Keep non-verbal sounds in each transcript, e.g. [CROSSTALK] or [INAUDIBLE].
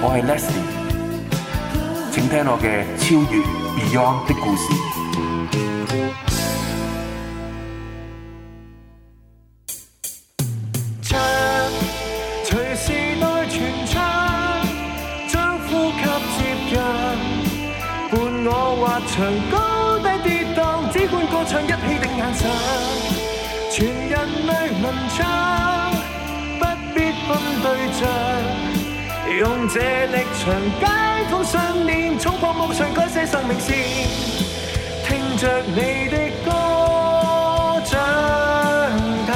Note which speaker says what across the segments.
Speaker 1: 我係 Leslie，請聽我嘅超越 Beyond 的故事。
Speaker 2: 唱，隨時代傳唱，將呼吸接近，伴我滑翔高低跌宕，只管歌唱，一起定眼神。用這力場解構信念，衝破夢想
Speaker 1: 改寫生命線。聽著你的歌，長大，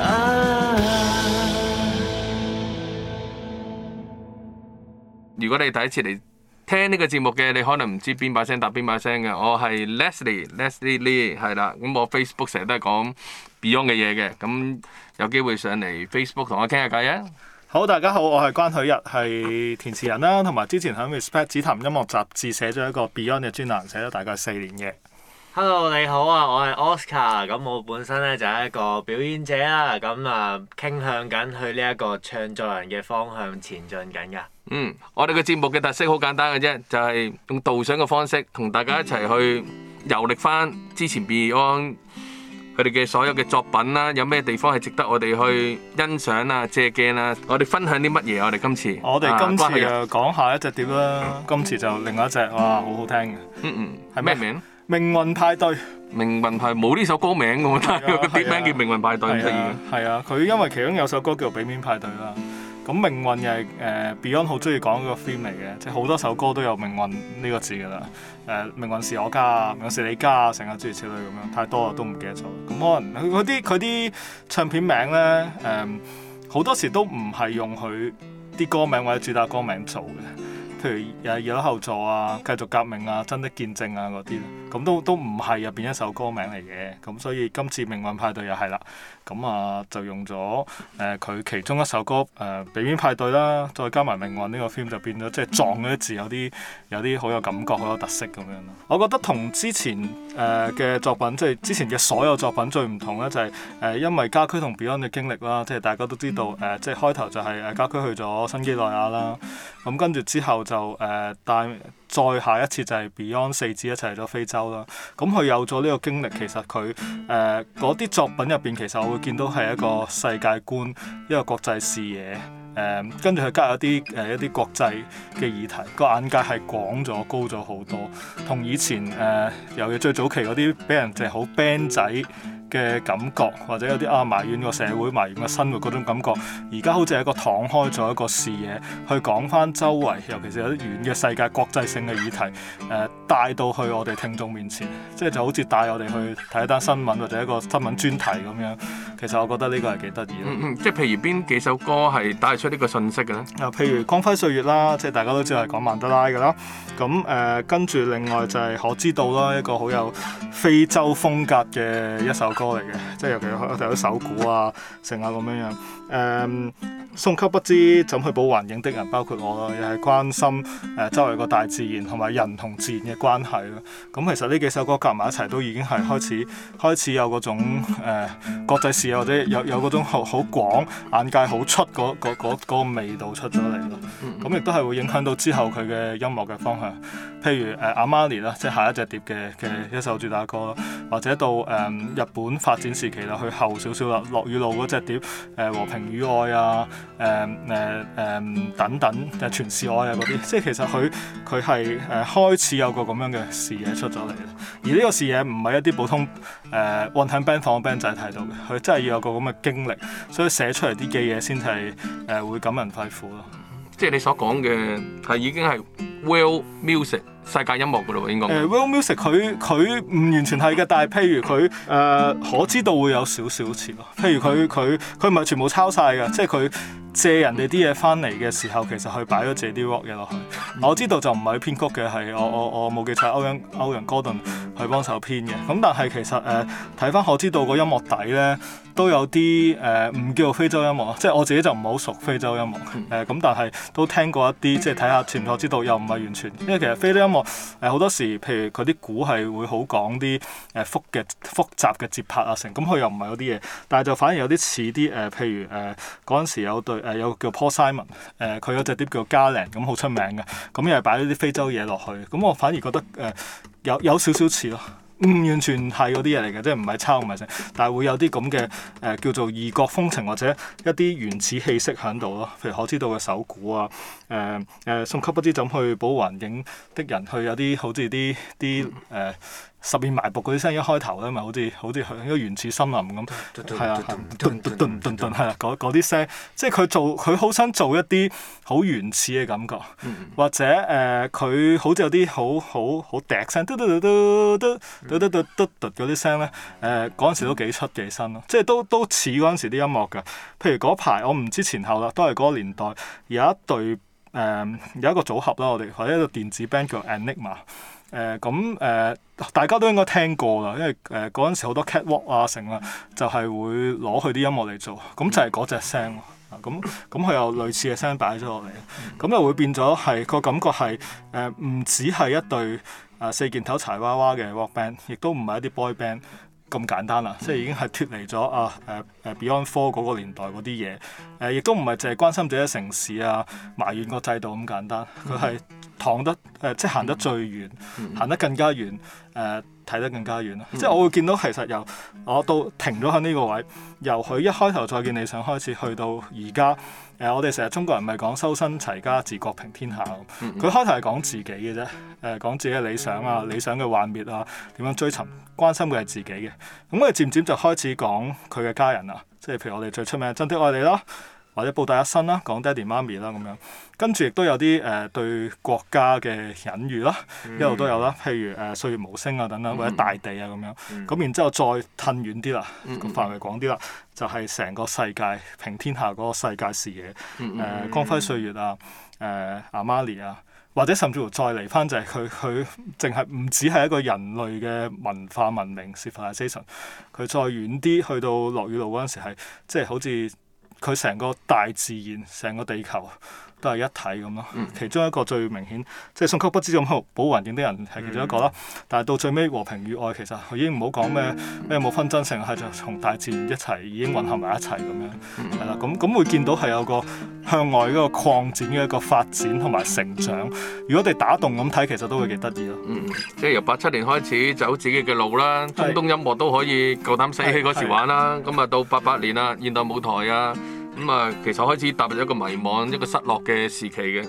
Speaker 1: 啊！如果你第一次嚟聽呢個節目嘅，你可能唔知邊把聲搭邊把聲嘅。我係 Leslie Leslie Lee，係啦。咁我 Facebook 成日都係講 Beyond 嘅嘢嘅，咁有機會上嚟 Facebook 同我傾下偈啊！
Speaker 3: 好，大家好，我係關許日，係填詞人啦，同埋之前喺《Respect 紫檀音樂雜誌》寫咗一個 Beyond 嘅專欄，寫咗大概四年嘅。
Speaker 4: Hello，你好啊，我係 Oscar，咁我本身咧就係一個表演者啦，咁啊傾向緊去呢一個唱作人嘅方向前進緊㗎。嗯，
Speaker 1: 我哋嘅節目嘅特色好簡單嘅啫，就係、是、用導賞嘅方式同大家一齊去遊歷返之前 Beyond。佢哋嘅所有嘅作品啦，有咩地方係值得我哋去欣賞啊、借鏡啊？我哋分享啲乜嘢啊？我哋今次我哋今次啊，
Speaker 3: 講下一隻碟啦。今次就另外一隻，哇，好好聽嘅。嗯嗯，係咩名？命運派對。命運派冇呢
Speaker 1: 首歌名嘅，但係個碟名叫命運派對，唔得意嘅。
Speaker 3: 係啊，佢因為其中有首歌叫做俾面派對啦。咁命運又係、呃、Beyond 好中意講個 theme 嚟嘅，即係好多首歌都有命運呢個字㗎啦。誒、呃，命運是我家啊，命運是你家啊，成日諸如此類咁樣，太多啦都唔記得咗。咁可能佢嗰啲佢啲唱片名呢，誒、呃、好多時都唔係用佢啲歌名或者主打歌名做嘅，譬如誒二樓後座啊、繼續革命啊、真的見證啊嗰啲。咁都都唔係入邊一首歌名嚟嘅，咁所以今次《命運派對》又係啦，咁啊就用咗誒佢其中一首歌誒《俾、呃、面派對》啦，再加埋《命運》呢、這個 feel 就變咗，即、就、係、是、撞嗰啲字有啲有啲好有感覺、好有特色咁樣咯。我覺得同之前誒嘅、呃、作品，即、就、係、是、之前嘅所有作品最唔同咧、就是，就係誒因為家駒同 Beyond 嘅經歷啦，即、就、係、是、大家都知道誒，即係、嗯呃就是、開頭就係誒家駒去咗新幾內亞啦，咁跟住之後就誒、呃、帶。再下一次就係 Beyond 四子一齊去咗非洲啦，咁佢有咗呢個經歷，其實佢誒嗰啲作品入邊，其實我會見到係一個世界觀，一個國際視野，誒跟住佢加入一啲誒一啲、呃、國際嘅議題，個眼界係廣咗高咗好多，同以前誒尤其最早期嗰啲俾人成好 band 仔嘅感覺，或者有啲啊埋怨個社會、埋怨個生活嗰種感覺，而家好似係一個敞開咗一個視野，去講返周圍，尤其是有啲遠嘅世界、國際性嘅議題，誒、呃、帶到去我哋聽眾面前，即係就好似帶我哋去睇一單新聞或者一個新聞專題咁樣。其實我覺得呢個係幾得意咯。嗯嗯，即係譬如邊幾首歌
Speaker 1: 係帶出個訊呢個信息嘅
Speaker 3: 呢？譬如《光輝歲月》啦，即係大家都知係講曼德拉嘅啦。咁誒，跟、呃、住另外就係《我知道》啦，一個好有非洲風格嘅一首歌。歌嚟嘅，即係尤其有有啲手鼓啊，成啊咁樣樣。誒送給不知怎去保環境的人，包括我咯，又係關心誒、呃、周圍個大自然同埋人同自然嘅關係咯。咁、嗯、其實呢幾首歌夾埋一齊都已經係開始開始有嗰種誒、呃、國際視野或者，有有嗰種好好廣眼界好出嗰個味道出咗嚟咯。咁亦都係會影響到之後佢嘅音樂嘅方向。譬如、呃、阿瑪尼啦，即係下一隻碟嘅嘅一首主打歌或者到誒、呃、日本發展時期啦，去後少少啦，落雨路嗰隻碟誒、呃、和平。與愛啊，誒誒誒等等，誒全是愛啊嗰啲，即係其實佢佢係誒開始有個咁樣嘅視野出咗嚟，而呢個視野唔係一啲普通誒混響 band 房 band 仔睇到嘅，佢真係要有個咁嘅經歷，所以寫出嚟啲嘅嘢先係
Speaker 1: 誒會感人肺腑咯。即係你所講嘅係已經係 world music。世界音樂嘅咯，應該。World
Speaker 3: Music 佢佢唔完全係嘅，但係譬如佢誒，可、呃、知道會有少少似咯。譬如佢佢佢唔係全部抄曬嘅，即係佢借人哋啲嘢翻嚟嘅時候，其實佢擺咗自己啲 rock 嘢落去。我知道就唔係佢編曲嘅，係我我我冇記錯，歐陽歐陽哥頓去幫手編嘅。咁但係其實誒，睇翻可知道個音樂底咧，都有啲誒唔叫非洲音樂，即係我自己就唔好熟非洲音樂誒。咁、呃、但係都聽過一啲，即係睇下潛在知道又唔係完全，因為其實非洲音樂。誒好多時，譬如佢啲鼓係會好講啲誒複嘅複雜嘅節拍啊，成咁佢又唔係嗰啲嘢，但係就反而有啲似啲誒，譬如誒嗰陣時有隊誒、呃、有個叫 Paul Simon，誒、呃、佢有隻碟叫《嘉玲》，咁好出名嘅，咁又係擺咗啲非洲嘢落去，咁我反而覺得誒、呃、有有少少似咯。唔、嗯、完全係嗰啲嘢嚟嘅，即係唔係抄唔係成，但係會有啲咁嘅誒叫做異國風情或者一啲原始氣息喺度咯。譬如我知道嘅手鼓啊，誒、呃、誒、呃、送給不知怎去保護環境的人，去有啲好似啲啲誒。十面埋伏嗰啲聲一開頭咧，咪好似好似響一個原始森林咁，係啊、hmm.，頓啦，嗰啲聲，即係佢做佢好想做一啲好原始嘅感覺，或者誒佢、呃、好似有啲好好好笛聲，嘟嘟嘟嘟嘟嘟嘟嘟嘟嗰啲聲咧，誒嗰陣時都幾出幾新咯，即係都都似嗰陣時啲音樂㗎。譬如嗰排我唔知前後啦，都係嗰個年代有一隊誒、嗯、有一個組合啦，我哋或者一個電子 band 叫 Enigma。誒咁誒，uh, 大家都應該聽過啦，因為誒嗰陣時好多 catwalk 啊,、就是、啊，成啦，就係會攞佢啲音樂嚟做，咁就係嗰隻聲啊。咁咁佢又類似嘅聲擺咗落嚟，咁又會變咗係個感覺係誒，唔只係一隊啊四件頭柴娃娃嘅 rock band，亦都唔係一啲 boy band 咁簡單啦、啊。即係已經係脱離咗啊誒誒、啊、Beyond Four 嗰個年代嗰啲嘢，誒、啊、亦都唔係淨係關心自己嘅城市啊，埋怨個制度咁簡單，佢係。嗯躺得誒、呃，即係行得最遠，嗯、行得更加遠，誒、呃、睇得更加遠啦。嗯、即係我會見到其實由我到停咗喺呢個位，由佢一開頭再見理想開始去到而家誒，我哋成日中國人咪講修身齊家治國平天下佢、嗯、開頭係、呃、講自己嘅啫，誒講自己嘅理想啊，理想嘅幻滅啊，點樣追尋，關心嘅係自己嘅。咁佢漸漸就開始講佢嘅家人啊，即係譬如我哋最出名嘅「真的愛你」咯。或者報答一生啦，講爹地媽咪啦咁樣，跟住亦都有啲誒、呃、對國家嘅隱喻啦，一路都有啦。譬如誒、呃、歲月無聲啊等等，或者大地啊咁樣。咁、嗯、然之後再褪遠啲啦，嗯、個範圍廣啲啦，嗯、就係成個世界平天下嗰個世界視野。誒、嗯呃、光輝歲月啊，誒、呃、Amani 啊，或者甚至乎再嚟翻就係佢佢淨係唔止係一個人類嘅文化文明 civilization 佢再遠啲去到落雨路嗰陣時係即係好似。佢成個大自然、成個地球都係一體咁咯。其中一個最明顯，即係送缺不知咁去保護環境的人係其中一個啦。嗯、但係到最尾和平與愛，其實已經唔好講咩咩冇分爭性，係就同大自然一齊已經混合埋一齊咁、嗯嗯、樣係啦。咁咁會見到係有個向外一個擴展嘅一個發展同埋成長。如果哋打動咁睇，其實都會幾得意咯。
Speaker 1: 即係由八七年開始走自己嘅路啦。中東音樂都可以夠膽死氣嗰時玩啦。咁啊到八八年啦，現代舞台啊。咁啊、嗯，其實開始踏入一個迷茫、一個失落嘅時期嘅，的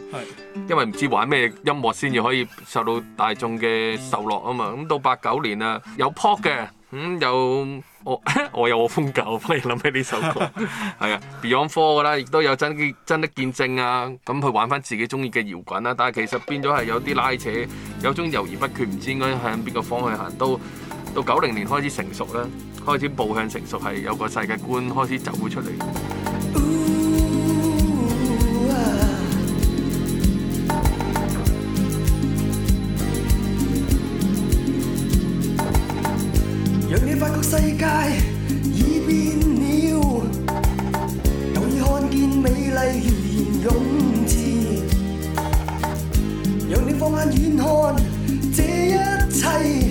Speaker 1: 因為唔知玩咩音樂先至可以受到大眾嘅受落啊嘛。咁、嗯、到八九年啊，有 pop 嘅，嗯，有我 [LAUGHS] 我有我風格，忽然諗起呢首歌，係啊 [LAUGHS] ，Beyond Four 噶啦，亦都有真真啲見證啊。咁、嗯、去玩返自己鍾意嘅搖滾啦，但係其實變咗係有啲拉扯，有種猶豫不決，唔知應該向邊個方向行，到到九零年開始成熟啦。開始步向成熟，係有個世界觀開始走出嚟、哦。
Speaker 5: 讓你發覺世界已變了，容易看見美麗容顏，讓你放眼遠看這一切。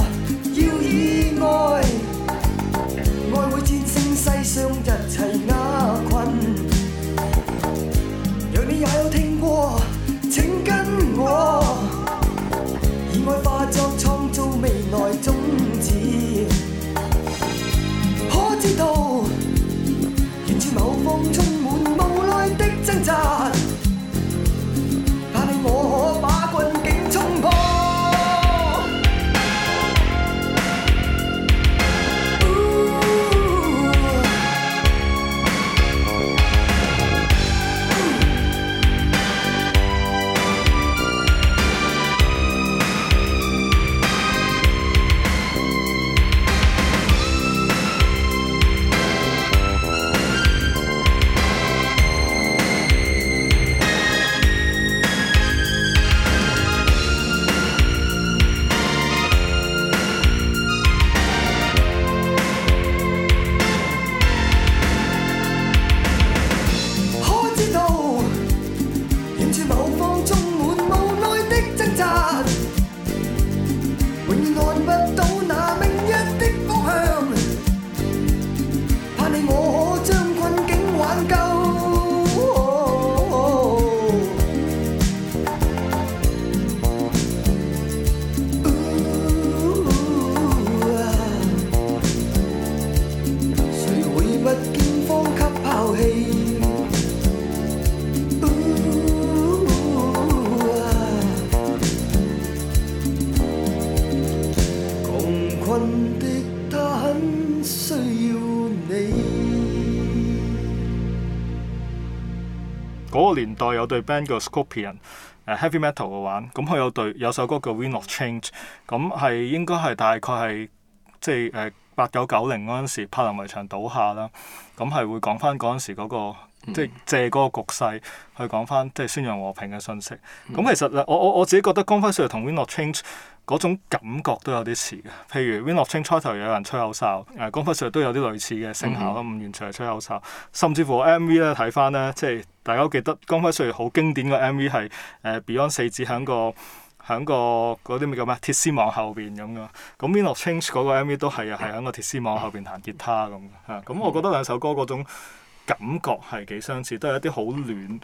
Speaker 3: 隊 band 叫 Scorpion，誒、uh, heavy metal 嘅話，咁佢有隊有首歌叫 Change,《Wind of Change》，咁係應該係大概係即係誒八九九零嗰陣時柏林圍牆倒下啦，咁係會講翻嗰陣時嗰、那個。即係、嗯、借嗰個局勢去講翻，即係宣揚和平嘅信息。咁、嗯、其實我我我自己覺得光輝歲月同 Wind of Change 嗰種感覺都有啲似嘅。譬如 Wind of Change 初頭有人吹口哨，誒光輝歲月都有啲類似嘅聲效，唔、嗯嗯、完全係吹口哨。甚至乎 M V 咧睇翻咧，即係大家都記得光輝歲月好經典嘅 M V 係誒、呃、Beyond 四子喺個喺個嗰啲咩叫咩鐵絲網後邊咁樣。咁 Wind of Change 嗰個 M V 都係係喺個鐵絲網後邊彈吉他咁嚇。咁、嗯、我覺得兩首歌嗰種。感覺係幾相似，都係一啲好暖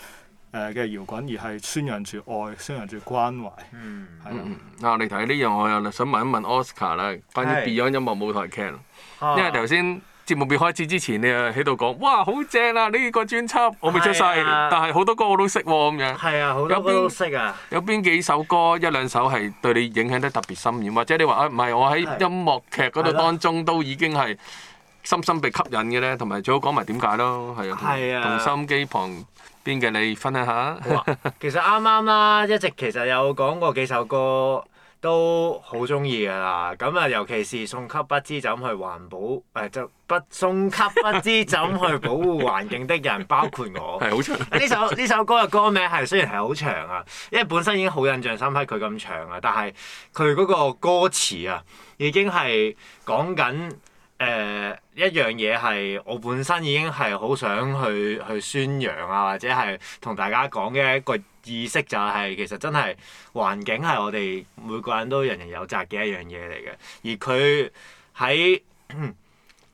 Speaker 3: 誒嘅搖滾，而係宣揚住愛，宣揚住關懷。
Speaker 1: 嗯。係嗱、啊，你睇呢樣，我又想問一問 Oscar 啦，關於 Beyond 係。音樂舞台劇。啊、因為頭先節目未開始之前，你又喺度講，哇，好正啊！呢、呢個專輯我未出世，啊、但係好多歌我都識喎，咁樣。係啊，好多歌都識啊。有邊幾首歌一兩首係對你影響得特別深遠？或者你話啊，唔係，我喺音樂劇嗰度當中都已經係。深深被吸引嘅咧，同埋最好講埋點解咯，係啊，同收音機旁邊嘅你分享下好、
Speaker 4: 啊。其實啱啱啦， [LAUGHS] 一直其實有講過幾首歌都好中意㗎啦。咁啊，尤其是送給不知怎去環保，誒、呃、就不送給不知怎去保護環境的人， [LAUGHS] 包括我。係
Speaker 1: 好長。呢首呢
Speaker 4: 首歌嘅歌名係雖然係好長啊，因為本身已經好印象深刻，佢咁長啊，但係佢嗰個歌詞啊，已經係講緊。誒、呃、一樣嘢係我本身已經係好想去去宣揚啊，或者係同大家講嘅一個意識就係、是、其實真係環境係我哋每個人都人人有責嘅一樣嘢嚟嘅，而佢喺。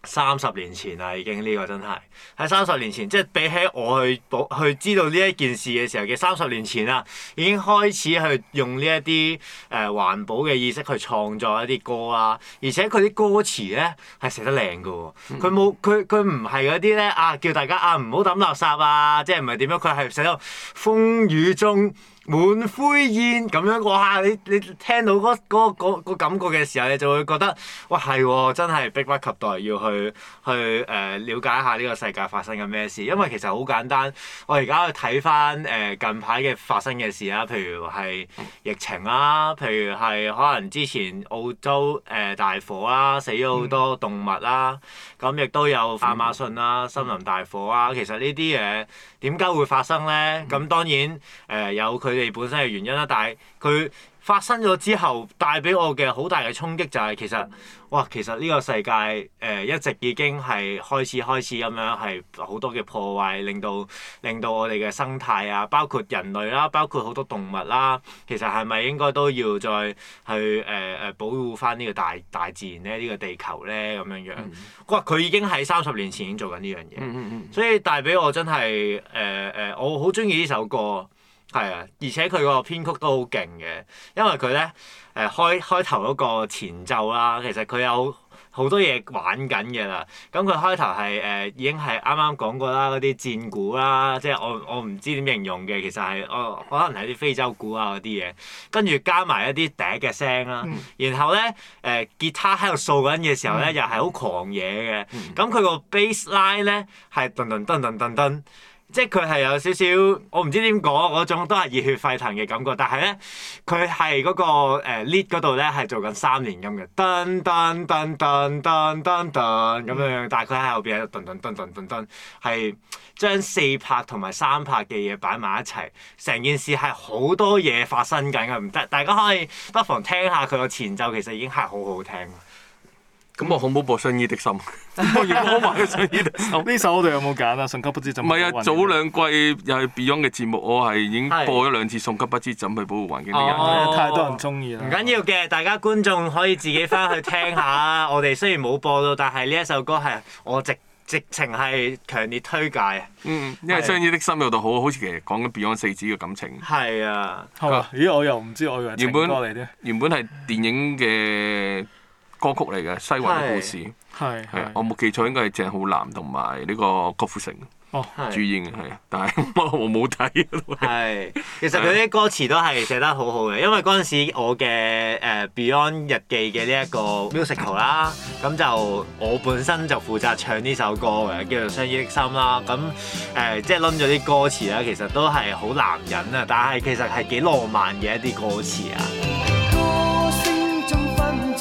Speaker 4: 三十年前啦，已經呢個真係喺三十年前，即係比起我去保去知道呢一件事嘅時候嘅三十年前啦，已經開始去用呢一啲誒環保嘅意識去創作一啲歌啦。而且佢啲歌詞咧係寫得靚㗎喎，佢冇佢佢唔係嗰啲咧啊，叫大家啊唔好抌垃圾啊，即係唔係點樣？佢係寫到風雨中。滿灰煙咁樣，哇！你你聽到嗰、嗰、嗰、個嗰個嗰個感覺嘅時候，你就會覺得，哇係喎，真係迫不及待要去去誒、呃、了解一下呢個世界發生緊咩事，因為其實好簡單。我而家去睇翻誒近排嘅發生嘅事啦，譬如係疫情啦，譬如係可能之前澳洲誒、呃、大火啦，死咗好多動物啦，咁亦、嗯、都有亞馬遜啦、森林大火啊。其實呢啲嘢點解會發生咧？咁當然誒、呃、有佢。佢哋本身嘅原因啦，但係佢發生咗之後帶俾我嘅好大嘅衝擊，就係其實哇，其實呢個世界誒、呃、一直已經係開始開始咁樣，係好多嘅破壞令到令到我哋嘅生態啊，包括人類啦，包括好多動物啦，其實係咪應該都要再去誒誒、呃、保護翻呢個大大自然咧，呢、這個地球咧咁樣樣哇，佢、嗯、已經喺三十年前已經做緊呢樣嘢，嗯嗯嗯、所以帶俾我真係誒誒，我好中意呢首歌。係啊，而且佢個編曲都好勁嘅，因為佢咧誒開開頭嗰個前奏啦，其實佢有好多嘢玩緊嘅啦。咁佢開頭係誒已經係啱啱講過啦，嗰啲戰鼓啦，即係我我唔知點形容嘅，其實係我可能係啲非洲鼓啊嗰啲嘢，跟住加埋一啲笛嘅聲啦。然後咧誒吉他喺度掃緊嘅時候咧，又係好狂野嘅。咁佢個 bass line 咧係噔噔噔噔噔噔。即係佢係有少少，我唔知點講嗰種，都係熱血沸騰嘅感覺。但係咧，佢係嗰個誒、呃、lead 嗰度咧係做緊三年咁嘅，噔噔噔噔噔噔噔咁樣。但係佢喺後邊係噔噔噔噔噔噔，係將四拍同埋三拍嘅嘢擺埋一齊，成件事係好多嘢發生緊嘅，唔得。大家可以不妨聽下佢個前奏，其實已經係好好聽。
Speaker 1: 咁我好唔好播《相依的心》？
Speaker 4: 我
Speaker 3: 而家買《相依的心》呢 [LAUGHS] [LAUGHS] [LAUGHS] 首我有有，我哋有冇揀啊？《送給不知怎》唔
Speaker 1: 係啊，早兩季又係 Beyond 嘅節目，我係已經播咗兩次，啊《送給不知怎去保護環境的人》
Speaker 3: 啊。啊啊、太多人
Speaker 4: 中意啦。唔緊要嘅，大家觀眾可以自己翻去聽，聽下。 [LAUGHS] 我哋雖然冇播到，但係呢一首歌係我直直，直情係強烈推介嘅、嗯。因為《相
Speaker 1: 依的心》又到好好似其實講緊 Beyond 四子嘅感情。係啊。咦！我
Speaker 3: 又唔知，我以為情歌嚟啫。
Speaker 1: 原本係電影嘅。歌曲嚟嘅《西環嘅故事》，係係啊，我冇記錯應該係鄭浩南同埋呢個郭富城主演嘅，係，但係我冇睇。係是，其實佢啲歌詞都係寫得好
Speaker 4: 好嘅，是的 因為嗰陣時我嘅誒、呃、Beyond 日記嘅呢一個 musical 啦， [LAUGHS] 咁就我本身就負責唱呢首歌嘅，叫做《相依的心》啦，咁誒、呃、即係冧咗啲歌詞啦，其實都係好難忍啊，但係其實係幾浪漫嘅一啲歌詞啊。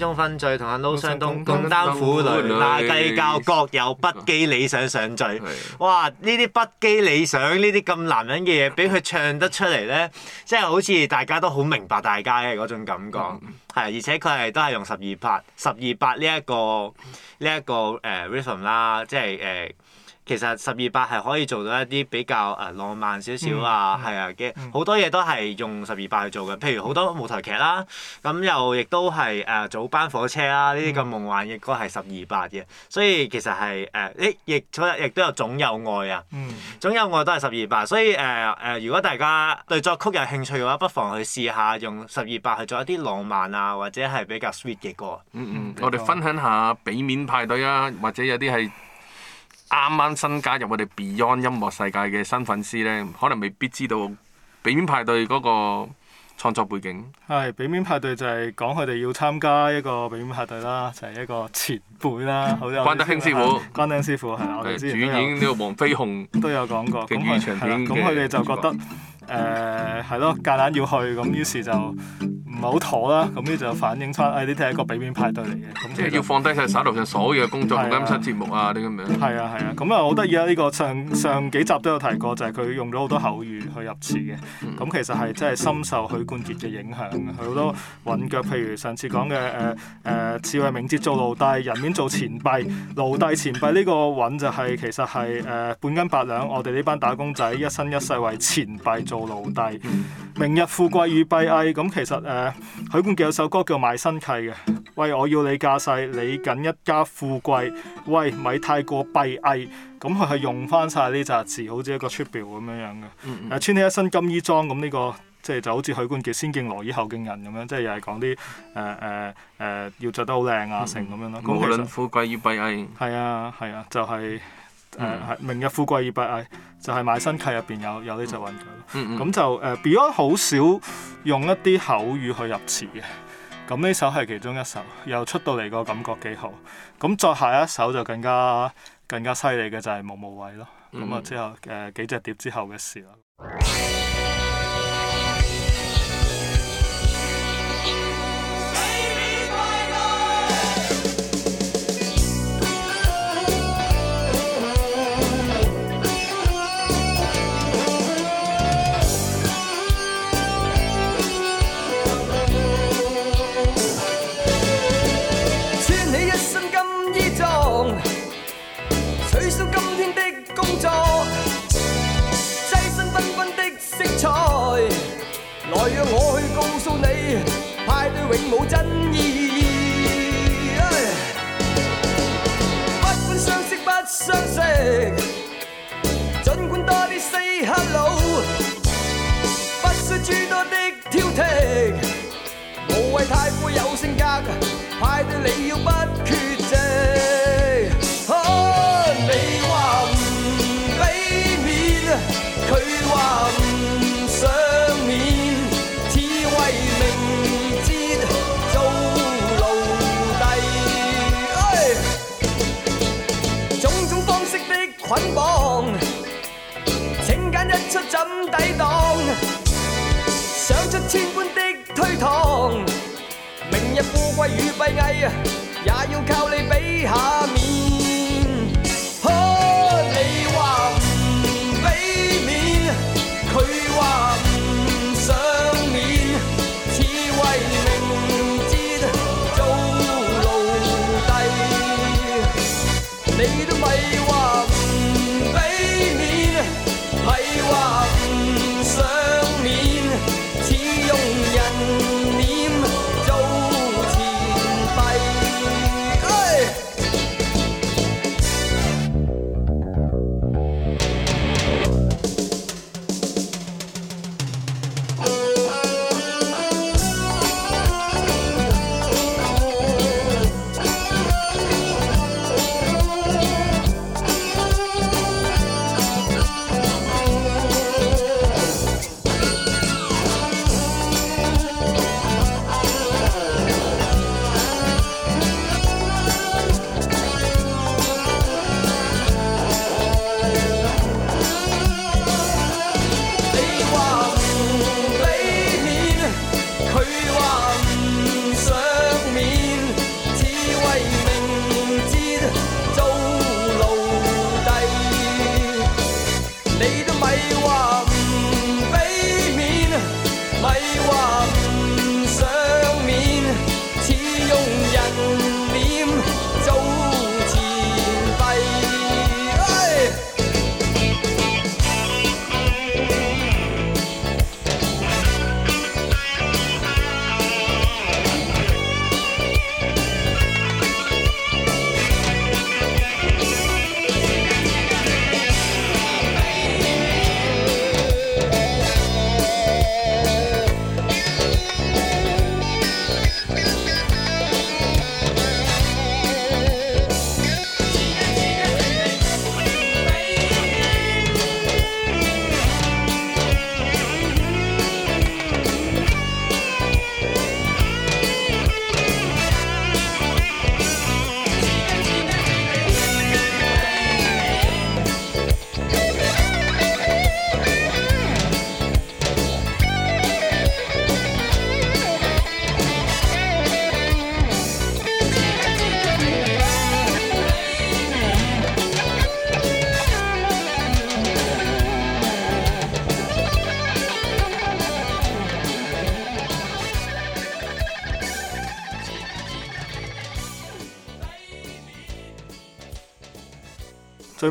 Speaker 4: 中分聚同阿撈相東共擔苦累，大計較各有不羈理想上聚。哇！呢啲不羈理想，呢啲咁男人嘅嘢，俾佢唱得出嚟咧，即係好似大家都好明白大家嘅嗰種感覺。係、嗯，而且佢係都係用十二拍、十二拍呢一個呢一個誒 rhythm 啦，即係誒。其實十二八係可以做到一啲比較誒浪漫少少啊，係啊嘅好多嘢都係用十二八去做嘅，譬如好多舞台劇啦、啊，咁、嗯嗯、又亦都係誒早班火車啦、啊，呢啲咁夢幻嘅歌係十二八嘅，所以其實係誒亦亦亦都有總有愛啊，嗯、總有愛都係十二八，所以誒誒、呃呃、如果大家對作曲有興趣嘅話，不妨去試下用十二八去做一啲浪漫啊，或者
Speaker 1: 係比較 sweet 嘅歌。嗯嗯，我哋分享下畀面派對啊，或者有啲係。啱啱新加入我哋 Beyond 音樂世界嘅新粉絲咧，可能未必知道俾面派對嗰個創作背景。
Speaker 3: 係俾面派對就係講佢哋要參加一個俾面派對啦，就係、是、一個前輩啦。好啲。關德興師傅，嗯、關德興師傅係啦。主演呢個黃飛鴻都有講過。粵語長片，咁佢哋就覺得，誒係咯，夾硬、啊、要去，咁於是就。唔係好妥啦，咁呢就反映出誒，呢啲係一個俾面派對嚟
Speaker 1: 嘅。即係要放低曬手頭上所有嘅工作，錄音室節目啊，啲咁樣。係
Speaker 3: 啊係啊，咁啊好得意啊！呢、啊啊呢個上上幾集都有提過，就係、是、佢用咗好多口語去入詞嘅。咁、嗯、其實係真係深受許冠傑嘅影響，佢好多韻腳，譬如上次講嘅誒誒，智慧、呃、為名節做奴隸，人面做錢幣，奴隸錢幣呢個韻就係、是、其實係誒半斤八兩，我哋呢班打工仔一生一世為錢幣做奴隸，嗯、明日富貴與閉翳，咁、啊、其實誒。呃呃許冠傑有首歌叫《賣身契》嘅，喂，我要你架勢，你緊一家富貴，喂，咪太過閉翳。咁佢係用翻晒呢扎字，好似一個 tribute 咁樣樣嘅、嗯。嗯、啊、穿起一身金衣裝咁呢、這個，即係就好似許冠傑先敬羅衣後敬人咁樣，即係又係講啲誒誒誒，要着得好靚啊、嗯、成咁樣咯、嗯。無論富貴與閉翳。係啊係啊，就係、是。誒係《明日、嗯嗯、富貴二百億》，就係、是《賣身契》入邊有有呢隻韻腳。咁就誒 Beyond 好少用一啲口語去入詞嘅，咁呢首係其中一首，又出到嚟個感覺幾好。咁再下一首就更加更加犀利嘅就係、是《無無畏》咯。咁啊、嗯、之後誒、呃、幾隻碟之後嘅事啦。嗯嗯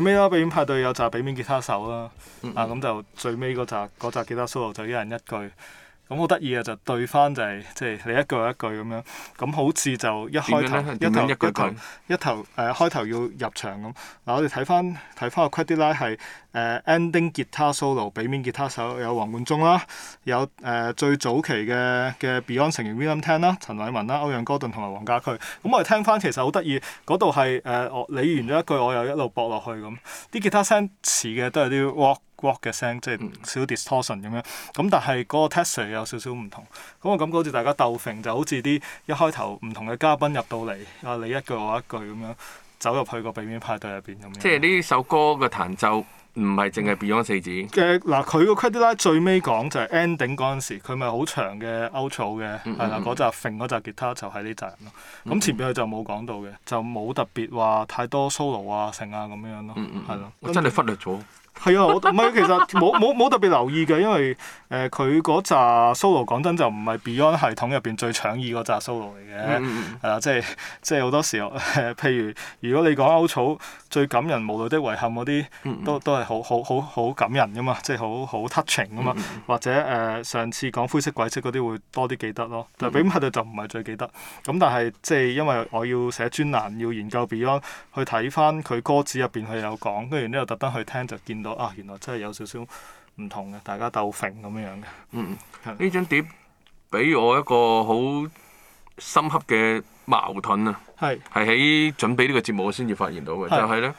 Speaker 3: 最尾啦！《俾面派對》有集《俾面吉他手》啊啦，嗯嗯，啊咁就最尾嗰集嗰集吉他 solo 就一人一句。咁好得意嘅就對翻就係即係你一句一句咁樣，咁好似就一開頭一頭一頭誒開,開,、呃、開頭要入場咁。嗱我哋睇翻睇翻個 quickly 咧係誒 ending 吉他 solo，俾面吉他手有黃貫中啦，有誒、呃、最早期嘅嘅 Beyond 成員 William Tan 啦、陳偉文啦、歐陽哥頓同埋黃家駒。咁我哋聽翻其實好得意，嗰度係誒我你完咗一句，我又一路駁落去咁。啲吉他聲似嘅都係啲 what。rock 嘅聲即係少 distortion 咁樣，咁但係嗰個 texture 有少少唔同，咁我感覺好似大家鬥揈，就好似啲一,一開頭唔同嘅嘉賓入到嚟，啊你一句我一句咁樣走入去個避免派對入邊咁
Speaker 1: 樣。即係呢首歌嘅彈奏唔係淨係 Beyond 四子。
Speaker 3: 嘅嗱，佢個、呃、credit line 最尾講就係 ending 嗰陣時，佢咪好長嘅 outro 嘅，係啦、嗯嗯嗯，嗰集揈嗰集吉他就係呢集人咯。咁、嗯嗯、前面佢就冇講到嘅，就冇特別話太多 solo 啊、成啊咁
Speaker 1: 樣咯，係咯、嗯嗯嗯。嗯、真係忽略咗。
Speaker 3: 係啊，我唔係其實冇冇冇特別留意嘅，因為誒佢、呃、嗰扎 solo 講真就唔係 Beyond 系統入邊最搶耳嗰扎 solo 嚟嘅，係、嗯、啊，即係即係好多時候，呃、譬如如果你講歐草最感人無奈的遺憾嗰啲，都都係好好好好感人噶嘛，即係好好 touching 噶嘛，嗯、或者誒、呃、上次講灰色軌跡嗰啲會多啲記得咯，嗯、但係 Beyond 就唔係最記得。咁但係即係因為我要寫專欄要研究 Beyond，去睇翻佢歌詞入邊佢有講，跟住呢又特登去聽，去聽就見到聽。啊、哦！原來真係有少少唔同嘅，大家鬥揈咁樣樣
Speaker 1: 嘅。嗯，呢張吧碟俾我一個好深刻嘅矛盾啊。係是。係喺準備呢個節目我先至發現到嘅，是就係咧，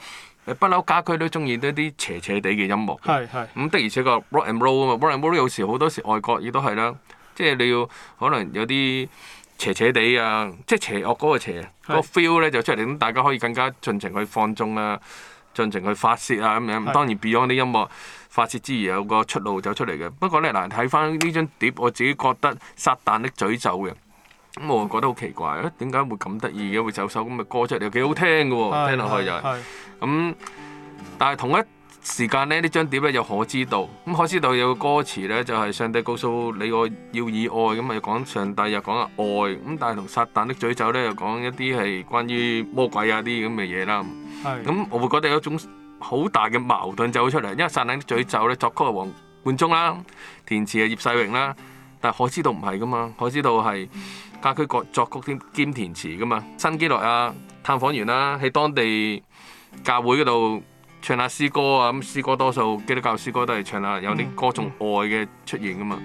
Speaker 1: 不嬲是家居都中意呢啲邪邪地嘅音樂。
Speaker 3: 咁
Speaker 1: 的而且確 rock and roll 啊嘛，rock and roll 有時好多時外國亦都係啦。即係你要可能有啲邪邪地啊，即係邪惡嗰個邪個 feel 咧，就出嚟咁大家可以更加盡情去放縱啦。盡情去發泄啊，咁樣，當然 Beyond 啲音樂是發泄之餘有個出路走出嚟嘅。不過咧，嗱，睇翻呢張碟，我自己覺得《撒旦的詛咒》的嘅，咁我覺得好奇怪，啊。點解會咁得意嘅？會走首咁嘅歌出嚟又幾好聽㗎喎，是聽落去就係、是、咁、嗯。但係同一時間咧，呢張碟咧有可知道咁、嗯、可知道有個歌詞呢，就係、是、上帝告訴你愛要以愛，咁咪講上帝又講啊，愛咁、嗯、但係同撒旦的詛咒呢，又講一啲係關於魔鬼啊啲咁嘅嘢啦。咁是、嗯、我會覺得有一種好大嘅矛盾走出嚟，因為撒旦的詛咒呢，作曲係黃貫中啦，填詞係葉世榮啦，但可知道唔係噶嘛，可知道係家駒個作曲兼填詞噶嘛，新畿內亞探訪員啦喺當地教會嗰度。唱下詩歌啊！咁詩歌多數，基督教詩歌都係唱下有啲歌頌愛嘅出現㗎嘛。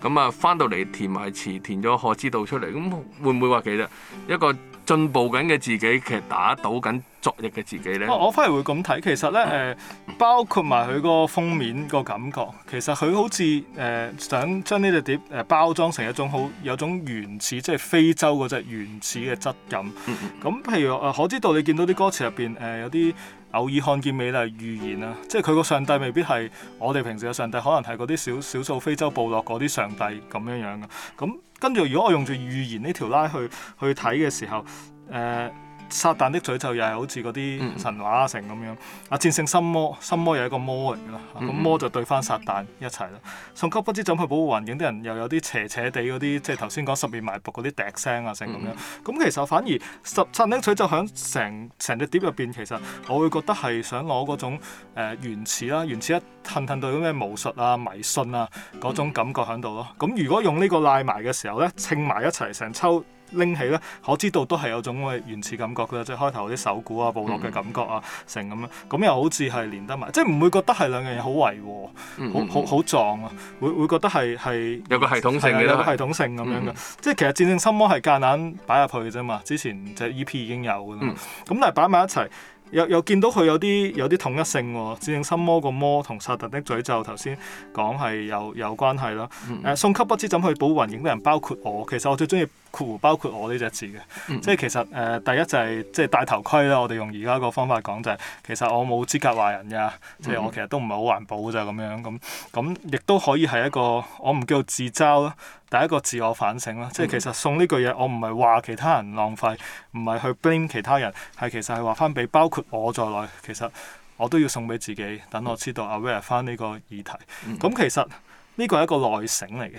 Speaker 1: 咁啊、嗯，翻、嗯、到嚟填埋詞，填咗《可知道》出嚟，咁會唔會話其實一個進步緊嘅自己，其實打倒緊昨日嘅自己咧、啊？我反而會
Speaker 3: 咁睇，其實咧誒、呃，包括埋佢嗰個封面個感覺，其實佢好似誒、呃、想將呢隻碟誒包裝成一種好有種原始即係、就是、非洲嗰隻原始嘅質感。咁、嗯嗯、譬如誒《可知道》，你見到啲歌詞入邊誒有啲。偶爾看見美麗預言啊，即係佢個上帝未必係我哋平時嘅上帝，可能係嗰啲少少數非洲部落嗰啲上帝咁樣樣嘅。咁跟住，如果我用住預言呢條拉去去睇嘅時候，誒、呃。撒旦的詛咒又係好似嗰啲神話成咁樣，啊、嗯、戰勝心魔，心魔又係一個魔嚟㗎，咁、嗯、魔就對翻撒旦一齊啦。送給不知怎去保護環境啲人，又有啲斜斜地嗰啲，即係頭先講十面埋伏嗰啲笛聲啊成咁樣。咁、嗯、其實反而十撒旦的詛咒喺成成隻碟入邊，其實我會覺得係想攞嗰種誒原始啦，原始一騰騰到咩巫術啊迷信啊嗰種感覺喺度咯。咁如果用呢個賴埋嘅時候咧，稱埋一齊成抽。拎起咧，我知道都係有種嘅原始感覺噶啦，即係開頭啲手鼓啊、部落嘅感覺啊，嗯、成咁樣，咁又好似係連得埋，即係唔會覺得係兩樣嘢好違和，嗯、
Speaker 6: 好好好
Speaker 3: 撞啊，會會覺得係係有個系統性有啦，系統性咁、嗯、樣嘅，即係其實戰勝心魔係夾硬擺入去嘅啫嘛，之前隻 EP 已經有嘅啦，咁、嗯、但係擺埋一齊。又又見到佢有啲有啲統一性喎、哦，戰勝心魔個魔同薩特的詛咒頭先講係有有關係啦。誒、mm，送、hmm. 給、呃、不知怎去保運嘅人，包括我。其實我最中意括弧包括我呢隻字嘅，mm hmm. 即係其實誒、呃、第一就係、是、即係戴頭盔啦。我哋用而家個方法講就係、是，其實我冇資格話人㗎，mm hmm. 即係我其實都唔係好環保咋咁樣咁咁，亦都可以係一個我唔叫自嘲咯。第一個自我反省啦，即係其實送呢句嘢，我唔係話其他人浪費，唔係去 blame 其他人，係其實係話翻俾包括我在內，其實我都要送俾自己，等我知道 aware 翻呢個議題。咁、嗯、其實呢個係一個內省嚟嘅。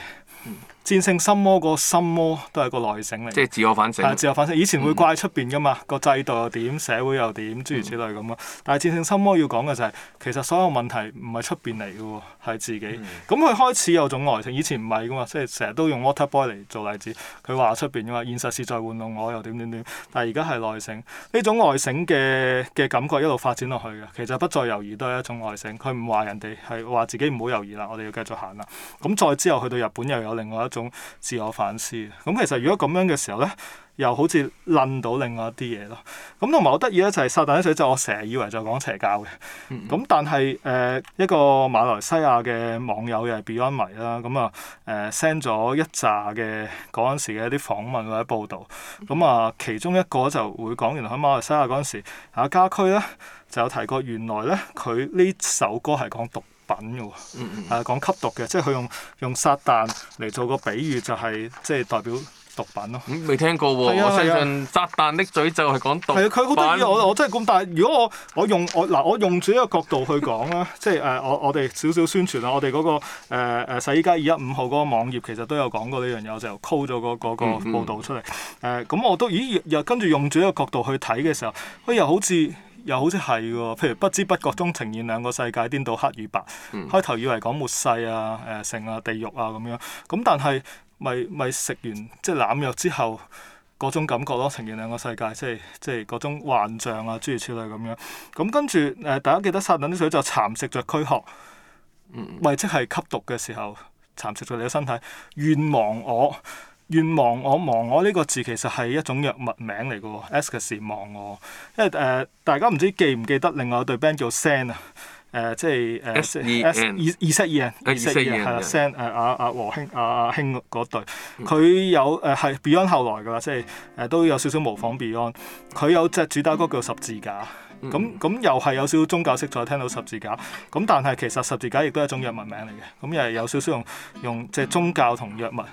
Speaker 3: 嗯戰勝心魔個心魔都係個內省嚟，即係
Speaker 1: 自我反省。
Speaker 3: 以前會怪出邊噶嘛，個、嗯、制度又點，社會又點，諸如此類咁咯。嗯、但係戰勝心魔要講嘅就係，其實所有問題唔係出邊嚟嘅喎，係自己。咁佢、嗯嗯、開始有種內省，以前唔係噶嘛，即係成日都用 Water Boy 嚟做例子。佢話出邊嘅嘛，現實是在玩弄我又點點點。但係而家係內省，呢種內省嘅嘅感覺一路發展落去嘅。其實不再猶豫都係一種內省，佢唔話人哋係話自己唔好猶豫啦，我哋要繼續行啦。咁再之後去到日本又有另外一一種自我反思嘅咁其實如果咁樣嘅時候咧，又好似諗到另外一啲嘢咯。咁同埋好得意咧，就係撒旦水即係我成日以為就講邪教嘅。咁、嗯、但係誒、呃、一個馬來西亞嘅網友又係 Beyond 迷啦、啊，咁啊誒 send 咗一紮嘅嗰陣時嘅一啲訪問或者報道。咁啊、嗯、其中一個就會講原來喺馬來西亞嗰陣時，家駒咧就有提過原來咧佢呢首歌係講毒品嘅喎，嗯嗯，講吸毒嘅，即係佢用用撒旦嚟做個比喻、就是，就係即係代表毒品咯。未、嗯、聽過喎、啊，我最近
Speaker 1: 撒旦的嘴就係講毒品嗯嗯。係啊，佢好得意，我我
Speaker 3: 真係咁，但係如果我我用我嗱，我用住呢、啊、個角度去講啦， [LAUGHS] 即係誒、呃、我我哋少少宣傳啊，我哋嗰、那個誒誒洗衣街二一五號嗰個網頁其實都有講過呢樣嘢，我、嗯嗯、就 copy 咗個個個報導出嚟。誒咁我都咦又跟住用住呢個角度去睇嘅時候，佢又好似。又好似係喎，譬如不知不覺中呈現兩個世界，顛倒黑與白。嗯、開頭以為講末世啊、誒、呃、城啊、地獄啊咁樣，咁但係咪咪食完即濫藥之後嗰種感覺咯？呈現兩個世界，即係即係嗰種幻象啊，諸如此類咁樣。咁、嗯嗯、跟住誒、呃，大家記得殺卵啲水就蠶食著軀殼，咪、嗯、即係吸毒嘅時候蠶食著你嘅身體，願望我。願望我忘我呢個字其實係一種藥物名嚟嘅 Ecstasy 忘我。因為誒、呃，大家唔知記唔記得另外一對 band 叫 San 啊、呃？誒，即係誒，S-E-N，二二十二啊，二係啦，San 誒，阿阿和興，阿阿興嗰對，佢、uh, 有誒係、呃、Beyond 後來㗎啦，即係誒、呃、都有少少模仿 Beyond。佢有隻主打歌叫十字架，咁咁、嗯、又係有少少宗教色彩，聽到十字架。咁但係其實十字架亦都係一種藥物名嚟嘅，咁又係有少少用用即係、就是、宗教同藥物。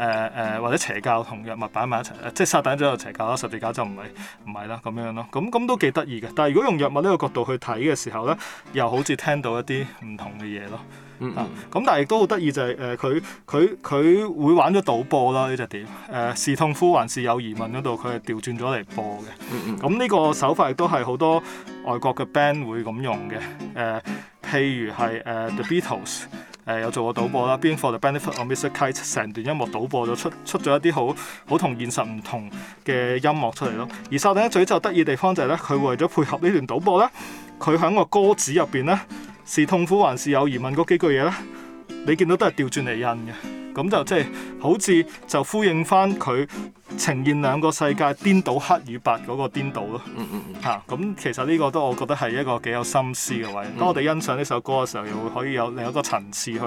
Speaker 3: 誒誒、呃、或者邪教同藥物擺埋一齊，呃，即係撒旦就有邪教啦，十字架就唔係唔係啦，咁樣咯，咁咁都幾得意嘅。但係如果用藥物呢個角度去睇嘅時候咧，又好似聽到一啲唔同嘅嘢咯。咁、嗯嗯啊、但係亦都好得意就係誒佢佢佢會玩咗倒播啦呢隻碟。誒、呃、是痛苦還是有疑問嗰度，佢係調轉咗嚟播嘅。咁呢、嗯嗯、個手法亦都係好多外國嘅 band 會咁用嘅。誒、呃、譬如係誒、呃、The Beatles。誒、呃、有做過倒播啦，Being for the Benefit of Mr. Kite 成段音樂倒播咗，出出咗一啲好好同現實唔同嘅音樂出嚟咯。而哨一嘴就得意地方就係、是、咧，佢為咗配合呢段倒播，咧，佢喺個歌詞入邊咧，是痛苦還是有疑問嗰幾句嘢咧，你見到都係調轉嚟印嘅，咁就即係、就是、好似就呼應翻佢。呈現兩個世界顛倒黑與白嗰個顛倒咯，嚇咁其實呢個都我覺得係一個幾有心思嘅位，當我哋欣賞呢首歌嘅時候，又可以有另一個層次去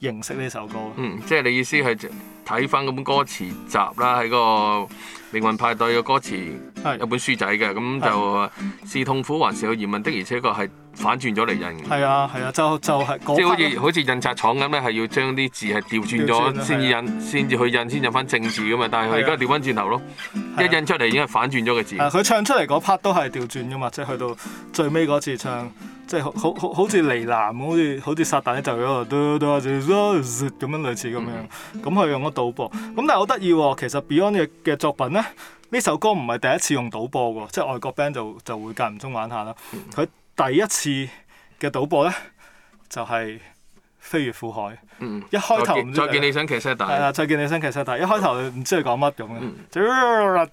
Speaker 3: 認識呢首
Speaker 1: 歌。嗯，即係你意思係睇翻嗰本歌詞集啦，喺個靈魂派對嘅歌詞有本書仔嘅，咁就是痛苦還是有疑問的，而且確係反轉咗嚟印
Speaker 3: 嘅。係啊係啊，就就係即係
Speaker 1: 好似印刷廠咁咧，係要將啲字係調轉咗先至印，先至去印先印翻正字噶嘛。但係佢而家調返轉頭咯，一印出嚟已經係反轉咗嘅字。佢
Speaker 3: 唱出嚟嗰 part 都係調轉噶嘛，即係去到最尾嗰次唱，即係好好好似呢喃、好似好似撒旦就咁樣，咁樣類似咁樣。咁佢、嗯、用咗賭博，咁但係好得意喎。其實 Beyond 嘅作品呢，呢首歌唔係第一次用賭博喎，即係外國 band 就就會間唔中玩下啦。佢第一次嘅賭博呢，就係飛越苦海。嗯、一開頭唔知再見理
Speaker 1: 想騎士帶，係啊，
Speaker 3: 再見理想騎士帶。一開頭唔知佢講乜咁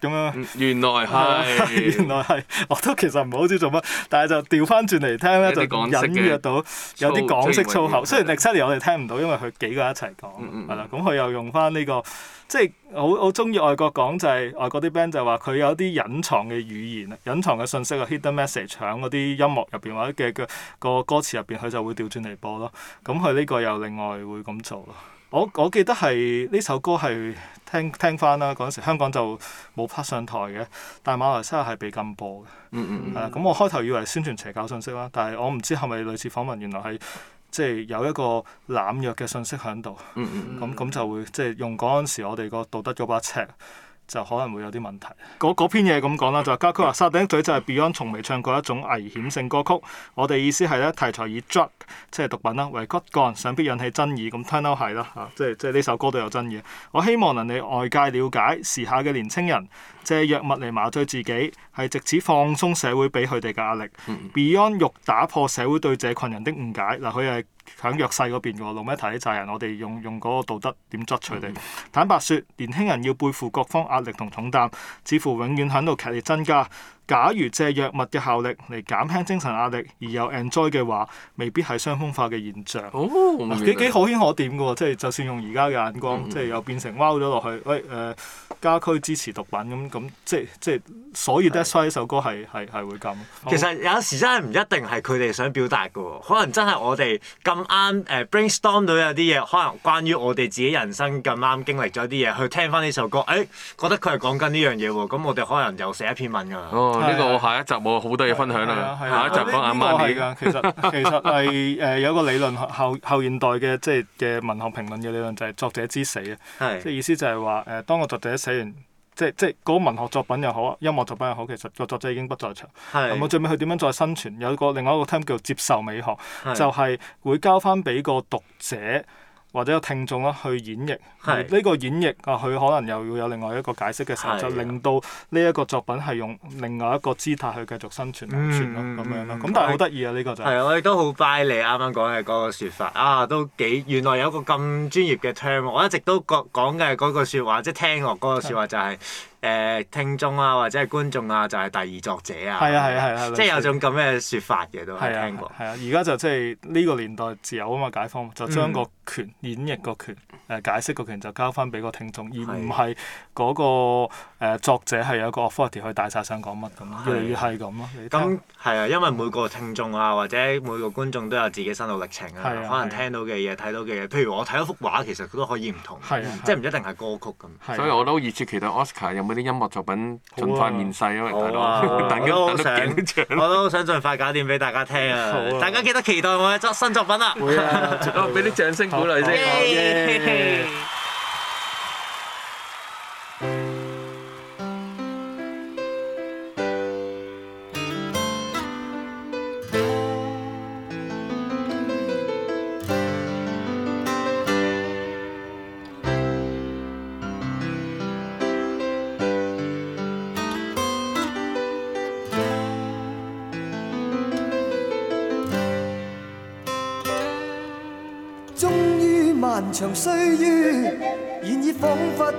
Speaker 3: 咁樣
Speaker 1: 原來係，原來
Speaker 3: 係， [LAUGHS] 我都其實唔係好知做乜，但係就調翻轉嚟聽咧，就隱約到有啲港式粗口。正 wait, 雖然 d e t e c i 我哋聽唔到，因為佢幾個一齊講，係啦、嗯。咁佢又用翻呢、這個，即係好好中意外國講就係外國啲 band 就話佢有啲隱藏嘅語言啊、隱藏嘅信息啊、hidden message，響嗰啲音樂入邊或者嘅、那、嘅、個那個歌詞入邊，佢就會調轉嚟播咯。咁佢呢個又另外。會咁做咯，我我記得係呢首歌係聽聽翻啦，嗰陣時香港就冇拍上台嘅，但馬來西亞係被禁播嘅、嗯。嗯嗯咁、啊、我開頭以為宣傳邪教信息啦，但係我唔知係咪類似訪問，原來係即係有一個濫藥嘅信息喺度。咁咁、嗯嗯、就會即係用嗰陣時我哋個道德嗰把尺，就可能會有啲問題。嗰篇嘢咁講啦，就話家區話沙丁嘴就係、是、Beyond 從未唱過一種危險性歌曲。我哋意思係咧題材以 drug 即係毒品啦，為骨幹，想必引起爭議。咁聽都係啦，嚇，即係即係呢首歌都有爭議。我希望能你外界了解時下嘅年青人借藥物嚟麻醉自己，係藉此放鬆社會俾佢哋嘅壓力。嗯嗯 Beyond 欲打破社會對這群人的誤解嗱，佢、啊、係。喺弱勢嗰邊嘅老米提啲債人，我哋用用嗰個道德點捉佢哋？嗯、坦白說，年輕人要背負各方壓力同重擔，似乎永遠喺度劇烈增加。假如借藥物嘅效力嚟減輕精神壓力而又 enjoy 嘅話，未必係傷風化嘅現象。幾幾可圈可點嘅喎，即係就算用而家嘅眼光，即係、嗯嗯、又變成 wow 咗落去。喂、哎、誒、呃，家駒支持毒品咁咁，即係即係所以 that's why 呢首歌係係係會咁。
Speaker 4: 其實有時真係唔一定係佢哋想表達嘅喎，可能真係我哋咁啱誒 brainstorm 到有啲嘢，可能關於我哋自己人生咁啱經歷咗啲嘢，去聽翻呢首歌，誒、哎、覺得佢係講緊呢樣嘢喎。
Speaker 1: 咁我哋可能又寫一篇文㗎啦。哦。呢個我下一集冇好多嘢分享啦，下一集講啱啱啲嘅。其實
Speaker 3: 其實係誒、 [LAUGHS] 呃、有一個理論後後現代嘅即係嘅文學評論嘅理論就係、是、作者之死啊。的即係意思就係話誒，當個作者寫完，即即嗰文學作品又好，音樂作品又好，其實個作者已經不在場。係的。咁我、嗯、最尾佢點樣再生存？有一個另外一個 term 叫接受美學，的就係會交翻俾個讀者。或者有聽眾啦去演繹，呢是個演繹啊，佢可能又會有另外一個解釋嘅時候，的就令到呢一個作品係用另外一個姿態去繼續生存、存落咁樣咯。咁但係好得意啊！呢是個就係、
Speaker 4: 是、我哋都好 buy 你啱啱講嘅嗰個説法啊，都幾原來有個咁專業嘅 term，我一直都講講嘅嗰句説話，即、就、係、是、聽落嗰個説話就係、是。誒聽眾啊，或者係觀眾啊，就係第二作者啊，即係有種咁嘅説法嘅都係聽過。係啊，而家就即係呢個年代自由啊嘛，解放就將個權演繹個
Speaker 3: 權誒解釋個權就交翻俾個聽眾，而唔係嗰個誒作者係
Speaker 4: 有個 authority 去大曬想講乜咁。例如係咁咯。咁係啊，因為每個聽眾啊，或者每個觀眾都有自己心路歷程啊，可能聽到嘅嘢、睇到嘅嘢，譬如我睇一幅畫，其實佢都可以唔同，即係唔一定係歌曲咁。所以我
Speaker 1: 都熱切期待 Oscar 有。嗰啲音樂作品盡快面世啊！大家，大家都頸長，我都想盡快搞掂俾大家聽
Speaker 4: 啊！大家記得期待我嘅新作品啊！好啊！俾啲掌聲鼓勵先。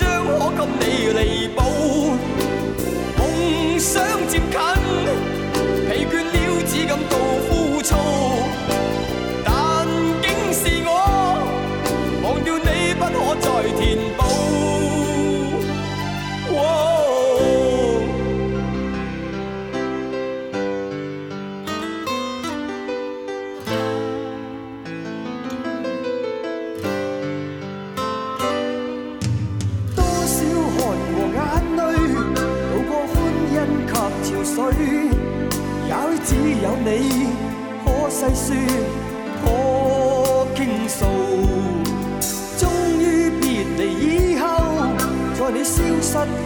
Speaker 5: 將可給你彌補。 [NOISE]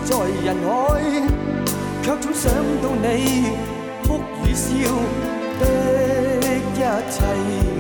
Speaker 5: 在人海，卻總想到你，哭與笑的一切。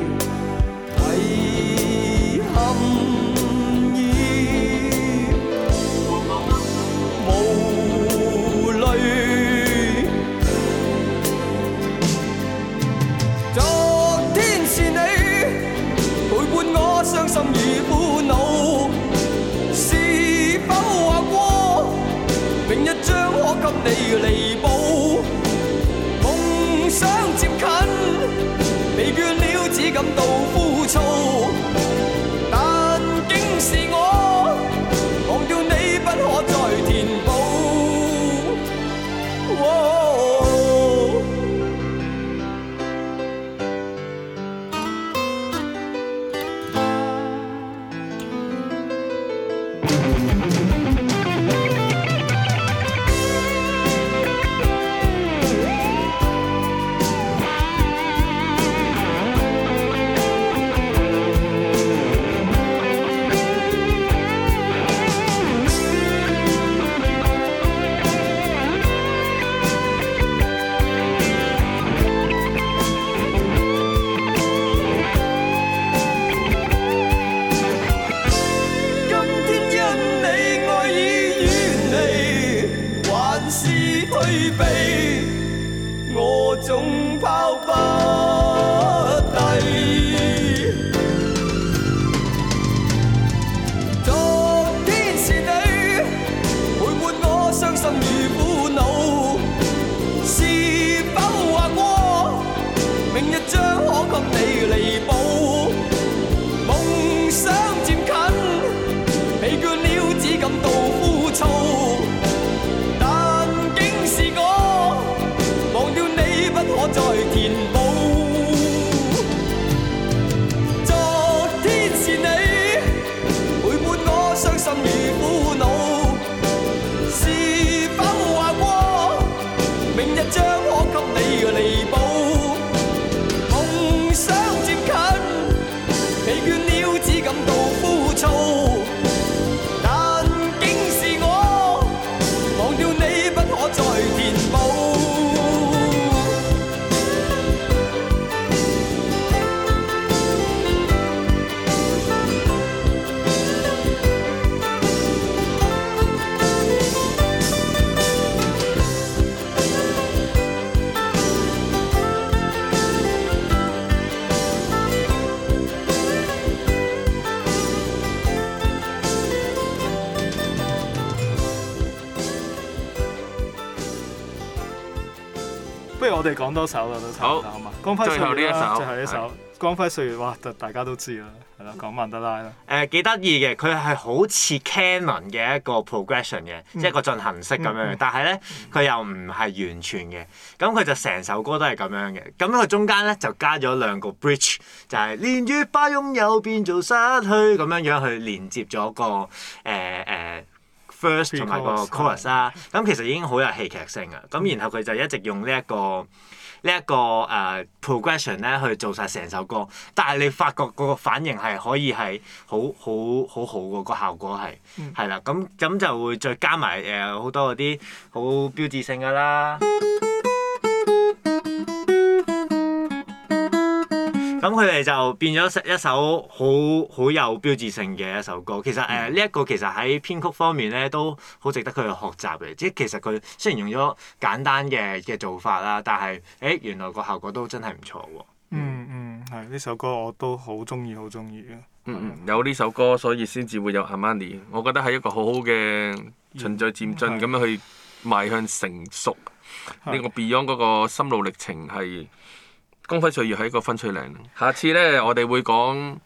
Speaker 3: 我哋講多首啦，都好好嘛？光輝歲月啊、最後呢一首，最後呢首《是光輝歲月》哇，就大家都知啦，係啦，講曼德拉啦。
Speaker 4: 誒幾得意嘅，佢係好似 Canon 嘅一個 progression 嘅，嗯、即係個進行式咁樣。嗯嗯、但係咧，佢又唔係完全嘅。咁佢就成首歌都係咁樣嘅。咁佢中間咧就加咗兩個 bridge，就係、是、年月把擁有變做失去咁樣樣去連接咗個誒誒。呃呃 verse 同埋個 chorus 啦的，咁其實已經好有戲劇性嘅，咁、嗯、然後佢就一直用呢、這、一個呢一、這個誒、uh, progression 咧去做晒成首歌，但係你發覺嗰個反應係可以係好，好好好好嘅，嗰個效果係係啦，咁咁、嗯、就會再加埋誒好多嗰啲好標誌性嘅啦。咁佢哋就變咗一一首好好有標誌性嘅一首歌。其實誒呢一個其實喺編曲方面咧都好值得佢去學習嘅。即其實佢雖然用咗簡單嘅
Speaker 1: 嘅做法啦，但係誒、欸、原來個效果都真係唔錯喎、嗯。嗯
Speaker 3: 嗯，係呢首歌我都好中意，好中意嘅。嗯
Speaker 1: 嗯，有呢首歌所以先至會有《Amani》，我覺得係一個好好嘅循序漸進咁、嗯、樣去邁向成熟。呢、嗯、個 Beyond 嗰個心路歷程係。光輝歲月係一個分水嶺。下次咧，我哋會講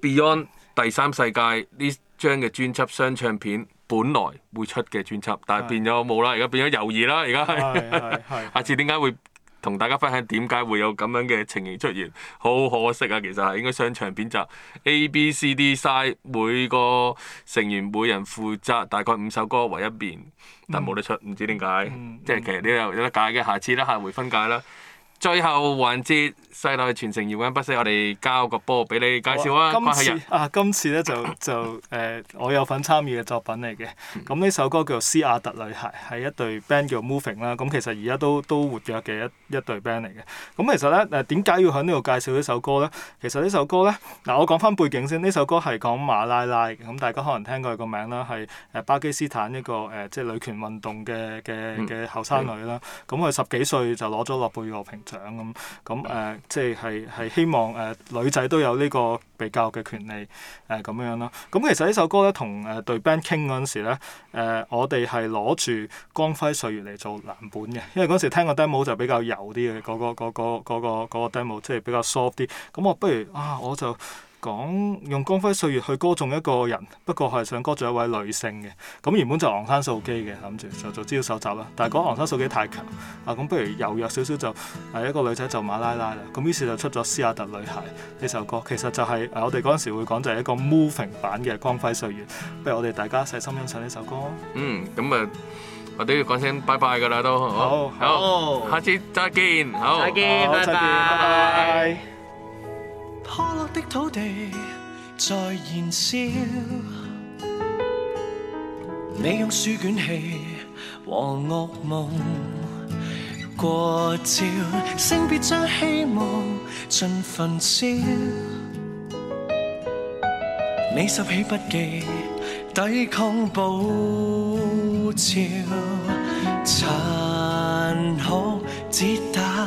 Speaker 1: Beyond 第三世界呢張嘅專輯雙唱片本來會出嘅專輯，但係變咗冇啦。而家是變咗猶豫啦。而家係下次點解會同大家分享？點解會有咁樣嘅情形出現？好可惜啊！其實係應該雙唱片集 A、B、C、D side 每個成員每人負責大概五首歌為一遍，但冇得出，唔、嗯、知點解。即係、嗯嗯、其實你又有得解嘅。下次啦，下回分解啦。最後，環節。世代傳承，搖滾不死。我哋交個波俾你介紹啊！今次
Speaker 3: 啊，今次咧就就誒，我有份參與嘅作品嚟嘅。咁呢首歌叫做《斯亞特女孩》，係一隊 band 叫 Moving 啦。咁其實而家都都活躍嘅一一隊 band 嚟嘅。咁其實咧誒，點解要喺呢度介紹呢首歌咧？其實呢首歌咧，嗱我講翻背景先。呢首歌係講馬拉拉嘅，咁大家可能聽過佢個名啦，係誒巴基斯坦一個誒即係女權運動嘅嘅嘅後生女啦。咁佢十幾歲就攞咗諾貝爾和平獎咁咁誒。即係係希望誒、呃、女仔都有呢個被教育嘅權利誒咁、呃、樣咯。咁其實呢首歌咧，同誒對、呃、band 傾嗰陣時咧，誒、呃、我哋係攞住《光輝歲月》嚟做藍本嘅，因為嗰時聽個 demo 就比較柔啲嘅，嗰、嗰個嗰、嗰個嗰、嗰個嗰、嗰個、嗰個嗰個、demo 即係比較 soft 啲。咁我不如啊，我就。講用光輝歲月去歌頌一個人，不過係想歌頌一位女性嘅。咁原本就昂山素姬嘅諗住就做資料搜集啦，但係講昂山素姬太強啊，咁不如柔弱少少就一個女仔就馬拉拉啦，咁於是就出咗《斯亞特女孩》呢首歌，其實就係、是啊、我哋嗰陣時會講就係一個 moving 版嘅光輝歲月，不如我哋大家細心欣賞呢首歌。嗯，
Speaker 1: 咁啊，我都要講聲拜拜噶啦，都好，好，好，好，下次再見，好，再見，拜拜。拜拜
Speaker 2: 破落的土地在燃燒，你用書卷氣和惡夢過招，請別將希望盡焚燒。你拾起筆記抵抗暴潮，殘酷子彈。